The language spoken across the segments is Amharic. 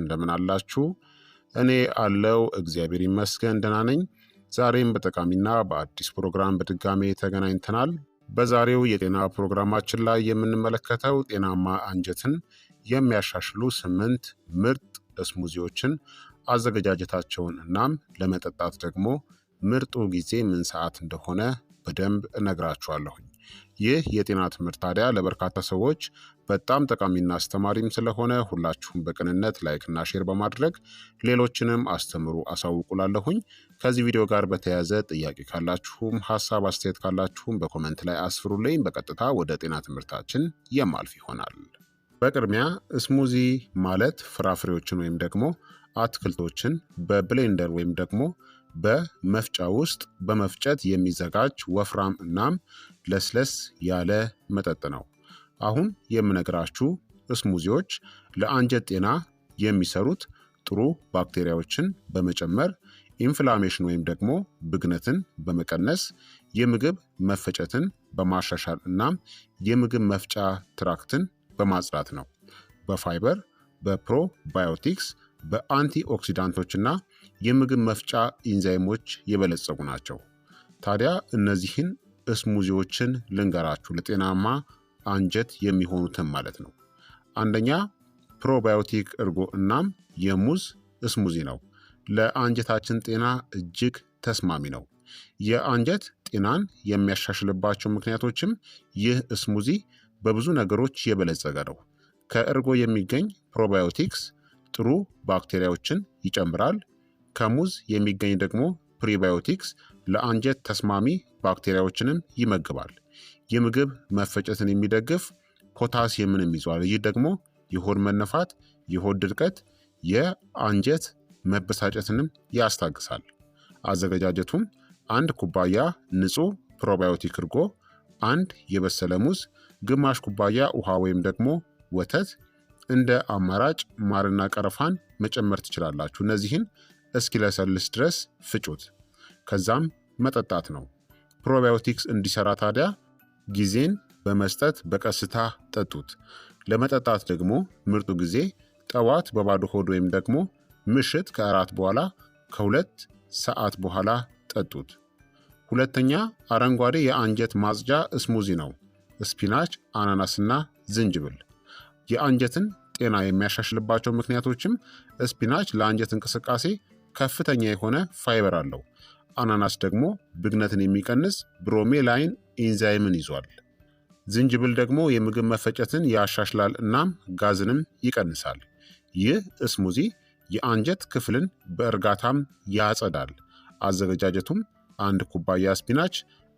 እንደምን አላችሁ? እኔ አለው እግዚአብሔር ይመስገን ደህና ነኝ። ዛሬም በጠቃሚና በአዲስ ፕሮግራም በድጋሜ ተገናኝተናል። በዛሬው የጤና ፕሮግራማችን ላይ የምንመለከተው ጤናማ አንጀትን የሚያሻሽሉ ስምንት ምርጥ እስሙዚዎችን አዘገጃጀታቸውን እናም ለመጠጣት ደግሞ ምርጡ ጊዜ ምን ሰዓት እንደሆነ በደንብ እነግራችኋለሁኝ። ይህ የጤና ትምህርት ታዲያ ለበርካታ ሰዎች በጣም ጠቃሚና አስተማሪም ስለሆነ ሁላችሁም በቅንነት ላይክና ሼር በማድረግ ሌሎችንም አስተምሩ አሳውቁላለሁኝ። ከዚህ ቪዲዮ ጋር በተያያዘ ጥያቄ ካላችሁም ሀሳብ አስተያየት ካላችሁም በኮመንት ላይ አስፍሩልኝ። በቀጥታ ወደ ጤና ትምህርታችን የማልፍ ይሆናል። በቅድሚያ ስሙዚ ማለት ፍራፍሬዎችን ወይም ደግሞ አትክልቶችን በብሌንደር ወይም ደግሞ በመፍጫ ውስጥ በመፍጨት የሚዘጋጅ ወፍራም እናም ለስለስ ያለ መጠጥ ነው። አሁን የምነግራችሁ እስሙዚዎች ለአንጀት ጤና የሚሰሩት ጥሩ ባክቴሪያዎችን በመጨመር ኢንፍላሜሽን ወይም ደግሞ ብግነትን በመቀነስ የምግብ መፈጨትን በማሻሻል እናም የምግብ መፍጫ ትራክትን በማጽዳት ነው። በፋይበር፣ በፕሮባዮቲክስ፣ በአንቲ ኦክሲዳንቶችና የምግብ መፍጫ ኢንዛይሞች የበለጸጉ ናቸው። ታዲያ እነዚህን እስሙዚዎችን ልንገራችሁ ለጤናማ አንጀት የሚሆኑትን ማለት ነው። አንደኛ ፕሮባዮቲክ እርጎ እናም የሙዝ እስሙዚ ነው። ለአንጀታችን ጤና እጅግ ተስማሚ ነው። የአንጀት ጤናን የሚያሻሽልባቸው ምክንያቶችም ይህ እስሙዚ በብዙ ነገሮች የበለጸገ ነው። ከእርጎ የሚገኝ ፕሮባዮቲክስ ጥሩ ባክቴሪያዎችን ይጨምራል ከሙዝ የሚገኝ ደግሞ ፕሪባዮቲክስ ለአንጀት ተስማሚ ባክቴሪያዎችንም ይመግባል። የምግብ መፈጨትን የሚደግፍ ፖታሲየምንም ይዟል። ይህ ደግሞ የሆድ መነፋት፣ የሆድ ድርቀት፣ የአንጀት መበሳጨትንም ያስታግሳል። አዘገጃጀቱም አንድ ኩባያ ንጹህ ፕሮባዮቲክ እርጎ፣ አንድ የበሰለ ሙዝ፣ ግማሽ ኩባያ ውሃ ወይም ደግሞ ወተት እንደ አማራጭ ማርና ቀረፋን መጨመር ትችላላችሁ። እነዚህን እስኪለሰልስ ድረስ ፍጩት። ከዛም መጠጣት ነው። ፕሮባዮቲክስ እንዲሰራ ታዲያ ጊዜን በመስጠት በቀስታ ጠጡት። ለመጠጣት ደግሞ ምርጡ ጊዜ ጠዋት በባዶ ሆድ ወይም ደግሞ ምሽት ከእራት በኋላ ከሁለት ሰዓት በኋላ ጠጡት። ሁለተኛ አረንጓዴ የአንጀት ማጽጃ እስሙዚ ነው። ስፒናች፣ አናናስና ዝንጅብል የአንጀትን ጤና የሚያሻሽልባቸው ምክንያቶችም ስፒናች ለአንጀት እንቅስቃሴ ከፍተኛ የሆነ ፋይበር አለው። አናናስ ደግሞ ብግነትን የሚቀንስ ብሮሜላይን ኢንዛይምን ይዟል። ዝንጅብል ደግሞ የምግብ መፈጨትን ያሻሽላል እናም ጋዝንም ይቀንሳል። ይህ እስሙዚ የአንጀት ክፍልን በእርጋታም ያጸዳል። አዘገጃጀቱም አንድ ኩባያ ስፒናች፣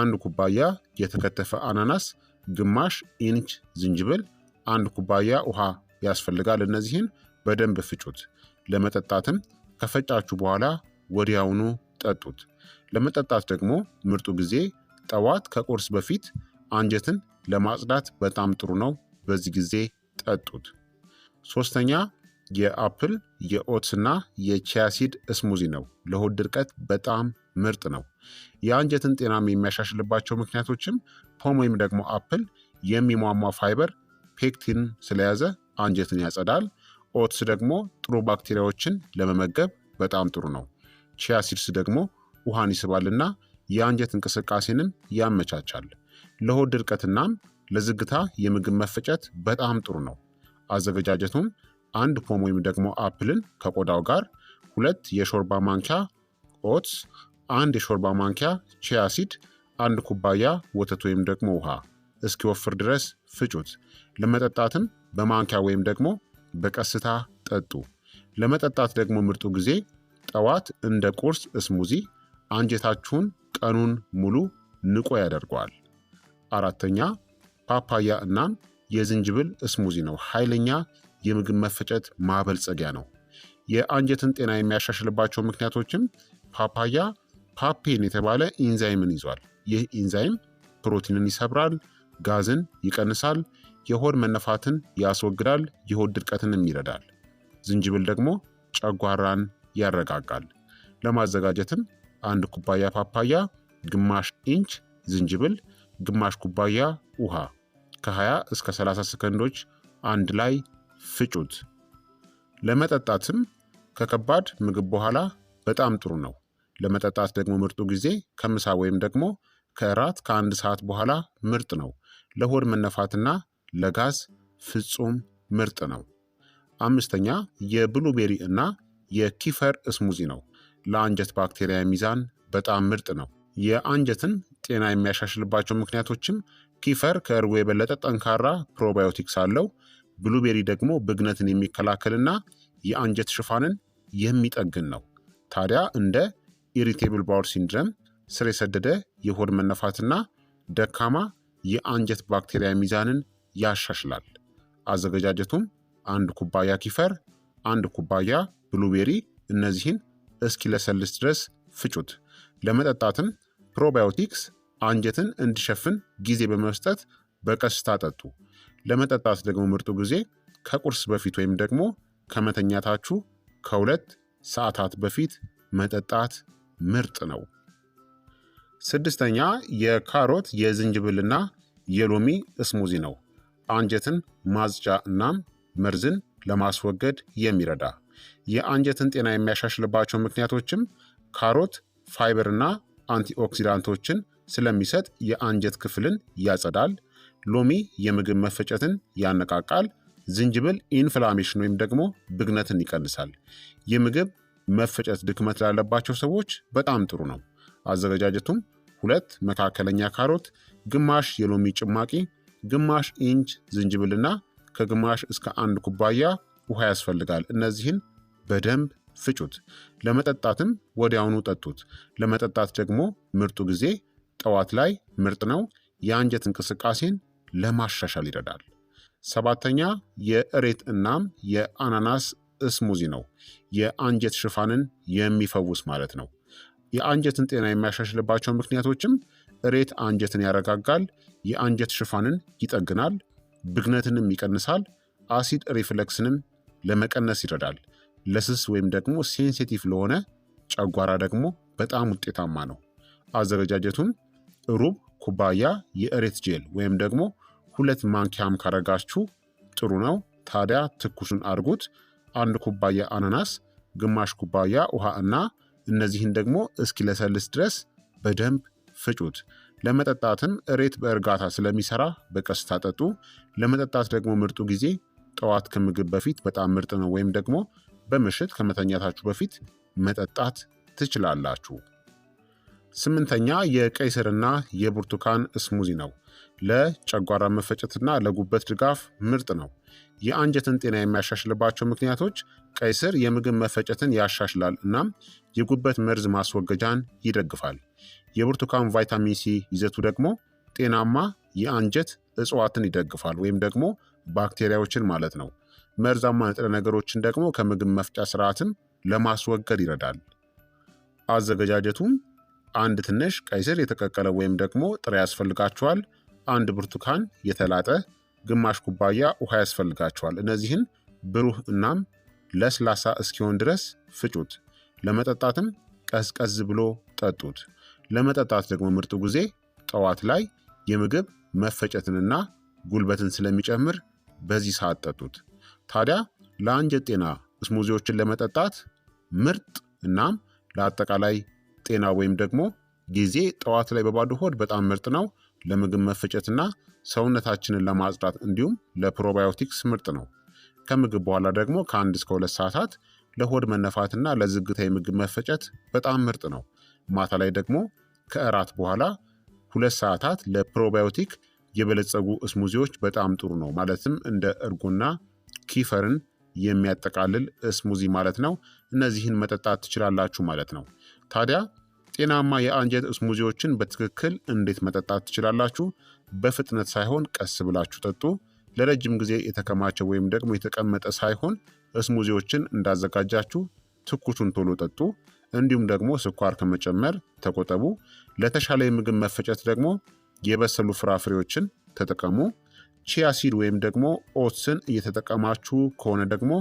አንድ ኩባያ የተከተፈ አናናስ፣ ግማሽ ኢንች ዝንጅብል፣ አንድ ኩባያ ውሃ ያስፈልጋል። እነዚህን በደንብ ፍጩት። ለመጠጣትም ከፈጫችሁ በኋላ ወዲያውኑ ጠጡት። ለመጠጣት ደግሞ ምርጡ ጊዜ ጠዋት ከቁርስ በፊት አንጀትን ለማጽዳት በጣም ጥሩ ነው። በዚህ ጊዜ ጠጡት። ሶስተኛ የአፕል የኦትስና የቺያሲድ እስሙዚ ነው። ለሆድ ድርቀት በጣም ምርጥ ነው። የአንጀትን ጤናም የሚያሻሽልባቸው ምክንያቶችም ፖም ወይም ደግሞ አፕል የሚሟሟ ፋይበር ፔክቲን ስለያዘ አንጀትን ያጸዳል። ኦትስ ደግሞ ጥሩ ባክቴሪያዎችን ለመመገብ በጣም ጥሩ ነው። ቺያ ሲድስ ደግሞ ውሃን ይስባልና የአንጀት እንቅስቃሴንም ያመቻቻል። ለሆድ ድርቀትናም ለዝግታ የምግብ መፈጨት በጣም ጥሩ ነው። አዘገጃጀቱም አንድ ፖም ወይም ደግሞ አፕልን ከቆዳው ጋር ሁለት የሾርባ ማንኪያ ኦትስ፣ አንድ የሾርባ ማንኪያ ቺያ ሲድ፣ አንድ ኩባያ ወተት ወይም ደግሞ ውሃ እስኪወፍር ድረስ ፍጩት። ለመጠጣትም በማንኪያ ወይም ደግሞ በቀስታ ጠጡ። ለመጠጣት ደግሞ ምርጡ ጊዜ ጠዋት እንደ ቁርስ እስሙዚ አንጀታችሁን ቀኑን ሙሉ ንቆ ያደርገዋል። አራተኛ ፓፓያ እናም የዝንጅብል እስሙዚ ነው። ኃይለኛ የምግብ መፈጨት ማበልጸጊያ ነው። የአንጀትን ጤና የሚያሻሽልባቸው ምክንያቶችም ፓፓያ ፓፔን የተባለ ኢንዛይምን ይዟል። ይህ ኢንዛይም ፕሮቲንን ይሰብራል፣ ጋዝን ይቀንሳል፣ የሆድ መነፋትን ያስወግዳል፣ የሆድ ድርቀትንም ይረዳል። ዝንጅብል ደግሞ ጨጓራን ያረጋጋል። ለማዘጋጀትም አንድ ኩባያ ፓፓያ፣ ግማሽ ኢንች ዝንጅብል፣ ግማሽ ኩባያ ውሃ ከ20 እስከ 30 ሰከንዶች አንድ ላይ ፍጩት። ለመጠጣትም ከከባድ ምግብ በኋላ በጣም ጥሩ ነው። ለመጠጣት ደግሞ ምርጡ ጊዜ ከምሳ ወይም ደግሞ ከእራት ከአንድ ሰዓት በኋላ ምርጥ ነው። ለሆድ መነፋትና ለጋዝ ፍጹም ምርጥ ነው። አምስተኛ የብሉቤሪ እና የኪፈር እስሙዚ ነው። ለአንጀት ባክቴሪያ ሚዛን በጣም ምርጥ ነው። የአንጀትን ጤና የሚያሻሽልባቸው ምክንያቶችም ኪፈር ከእርጎ የበለጠ ጠንካራ ፕሮባዮቲክስ አለው። ብሉቤሪ ደግሞ ብግነትን የሚከላከልና የአንጀት ሽፋንን የሚጠግን ነው። ታዲያ እንደ ኢሪቴብል ባውል ሲንድረም፣ ስር የሰደደ የሆድ መነፋትና ደካማ የአንጀት ባክቴሪያ ሚዛንን ያሻሽላል። አዘገጃጀቱም አንድ ኩባያ ኪፈር፣ አንድ ኩባያ ብሉቤሪ፣ እነዚህን እስኪለሰልስ ድረስ ፍጩት። ለመጠጣትም ፕሮባዮቲክስ አንጀትን እንዲሸፍን ጊዜ በመስጠት በቀስታ ጠጡ። ለመጠጣት ደግሞ ምርጡ ጊዜ ከቁርስ በፊት ወይም ደግሞ ከመተኛታችሁ ከሁለት ሰዓታት በፊት መጠጣት ምርጥ ነው። ስድስተኛ የካሮት የዝንጅብልና የሎሚ እስሙዚ ነው። አንጀትን ማጽጫ እናም መርዝን ለማስወገድ የሚረዳ የአንጀትን ጤና የሚያሻሽልባቸው ምክንያቶችም ካሮት ፋይበርና አንቲኦክሲዳንቶችን ስለሚሰጥ የአንጀት ክፍልን ያጸዳል። ሎሚ የምግብ መፈጨትን ያነቃቃል። ዝንጅብል ኢንፍላሜሽን ወይም ደግሞ ብግነትን ይቀንሳል። የምግብ መፈጨት ድክመት ላለባቸው ሰዎች በጣም ጥሩ ነው። አዘገጃጀቱም ሁለት መካከለኛ ካሮት፣ ግማሽ የሎሚ ጭማቂ ግማሽ ኢንች ዝንጅብልና ከግማሽ እስከ አንድ ኩባያ ውሃ ያስፈልጋል። እነዚህን በደንብ ፍጩት። ለመጠጣትም ወዲያውኑ ጠጡት። ለመጠጣት ደግሞ ምርጡ ጊዜ ጠዋት ላይ ምርጥ ነው። የአንጀት እንቅስቃሴን ለማሻሻል ይረዳል። ሰባተኛ የእሬት እናም የአናናስ እስሙዚ ነው። የአንጀት ሽፋንን የሚፈውስ ማለት ነው። የአንጀትን ጤና የሚያሻሽልባቸው ምክንያቶችም እሬት አንጀትን ያረጋጋል፣ የአንጀት ሽፋንን ይጠግናል፣ ብግነትንም ይቀንሳል፣ አሲድ ሪፍለክስንም ለመቀነስ ይረዳል። ለስስ ወይም ደግሞ ሴንሲቲቭ ለሆነ ጨጓራ ደግሞ በጣም ውጤታማ ነው። አዘገጃጀቱም ሩብ ኩባያ የእሬት ጄል ወይም ደግሞ ሁለት ማንኪያም ካረጋችሁ ጥሩ ነው። ታዲያ ትኩሱን አድርጉት። አንድ ኩባያ አናናስ፣ ግማሽ ኩባያ ውሃ እና እነዚህን ደግሞ እስኪለሰልስ ድረስ በደንብ ፍጩት። ለመጠጣትም እሬት በእርጋታ ስለሚሰራ በቀስታ ጠጡ። ለመጠጣት ደግሞ ምርጡ ጊዜ ጠዋት ከምግብ በፊት በጣም ምርጥ ነው፣ ወይም ደግሞ በምሽት ከመተኛታችሁ በፊት መጠጣት ትችላላችሁ። ስምንተኛ የቀይ ስርና የብርቱካን እስሙዚ ነው። ለጨጓራ መፈጨትና ለጉበት ድጋፍ ምርጥ ነው። የአንጀትን ጤና የሚያሻሽልባቸው ምክንያቶች ቀይ ስር የምግብ መፈጨትን ያሻሽላል እናም የጉበት መርዝ ማስወገጃን ይደግፋል። የብርቱካን ቫይታሚን ሲ ይዘቱ ደግሞ ጤናማ የአንጀት እጽዋትን ይደግፋል ወይም ደግሞ ባክቴሪያዎችን ማለት ነው። መርዛማ ንጥረ ነገሮችን ደግሞ ከምግብ መፍጫ ስርዓትን ለማስወገድ ይረዳል። አዘገጃጀቱም አንድ ትንሽ ቀይ ስር የተቀቀለ ወይም ደግሞ ጥሬ ያስፈልጋቸዋል። አንድ ብርቱካን የተላጠ፣ ግማሽ ኩባያ ውሃ ያስፈልጋቸዋል። እነዚህን ብሩህ እናም ለስላሳ እስኪሆን ድረስ ፍጩት። ለመጠጣትም ቀዝቀዝ ብሎ ጠጡት። ለመጠጣት ደግሞ ምርጡ ጊዜ ጠዋት ላይ የምግብ መፈጨትንና ጉልበትን ስለሚጨምር በዚህ ሰዓት ጠጡት። ታዲያ ለአንጀት ጤና ስሙዚዎችን ለመጠጣት ምርጥ እናም ለአጠቃላይ ጤና ወይም ደግሞ ጊዜ ጠዋት ላይ በባዶ ሆድ በጣም ምርጥ ነው። ለምግብ መፈጨትና ሰውነታችንን ለማጽዳት እንዲሁም ለፕሮባዮቲክስ ምርጥ ነው። ከምግብ በኋላ ደግሞ ከአንድ እስከ ሁለት ሰዓታት ለሆድ መነፋትና ለዝግታ የምግብ መፈጨት በጣም ምርጥ ነው። ማታ ላይ ደግሞ ከእራት በኋላ ሁለት ሰዓታት ለፕሮባዮቲክ የበለጸጉ እስሙዚዎች በጣም ጥሩ ነው። ማለትም እንደ እርጎና ኪፈርን የሚያጠቃልል እስሙዚ ማለት ነው። እነዚህን መጠጣት ትችላላችሁ ማለት ነው። ታዲያ ጤናማ የአንጀት እስሙዚዎችን በትክክል እንዴት መጠጣት ትችላላችሁ? በፍጥነት ሳይሆን ቀስ ብላችሁ ጠጡ። ለረጅም ጊዜ የተከማቸ ወይም ደግሞ የተቀመጠ ሳይሆን እስሙዚዎችን እንዳዘጋጃችሁ ትኩሱን ቶሎ ጠጡ። እንዲሁም ደግሞ ስኳር ከመጨመር ተቆጠቡ። ለተሻለ የምግብ መፈጨት ደግሞ የበሰሉ ፍራፍሬዎችን ተጠቀሙ። ቺያሲድ ወይም ደግሞ ኦትስን እየተጠቀማችሁ ከሆነ ደግሞ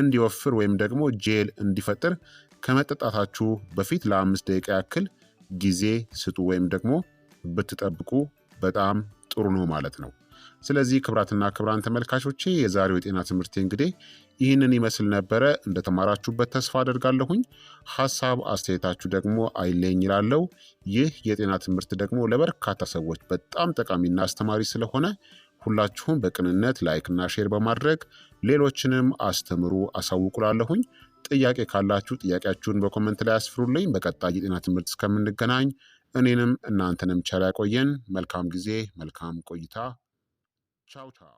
እንዲወፍር ወይም ደግሞ ጄል እንዲፈጥር ከመጠጣታችሁ በፊት ለአምስት ደቂቃ ያክል ጊዜ ስጡ ወይም ደግሞ ብትጠብቁ በጣም ጥሩ ነው ማለት ነው። ስለዚህ ክብራትና ክብራን ተመልካቾቼ የዛሬው የጤና ትምህርቴ እንግዲህ ይህንን ይመስል ነበረ። እንደተማራችሁበት ተስፋ አደርጋለሁኝ። ሀሳብ አስተያየታችሁ ደግሞ አይለኝ ይላለው። ይህ የጤና ትምህርት ደግሞ ለበርካታ ሰዎች በጣም ጠቃሚና አስተማሪ ስለሆነ ሁላችሁም በቅንነት ላይክና ሼር በማድረግ ሌሎችንም አስተምሩ አሳውቁላለሁኝ። ጥያቄ ካላችሁ ጥያቄያችሁን በኮመንት ላይ አስፍሩልኝ። በቀጣይ የጤና ትምህርት እስከምንገናኝ እኔንም እናንተንም ቸር ያቆየን። መልካም ጊዜ፣ መልካም ቆይታ። Ciao, ciao.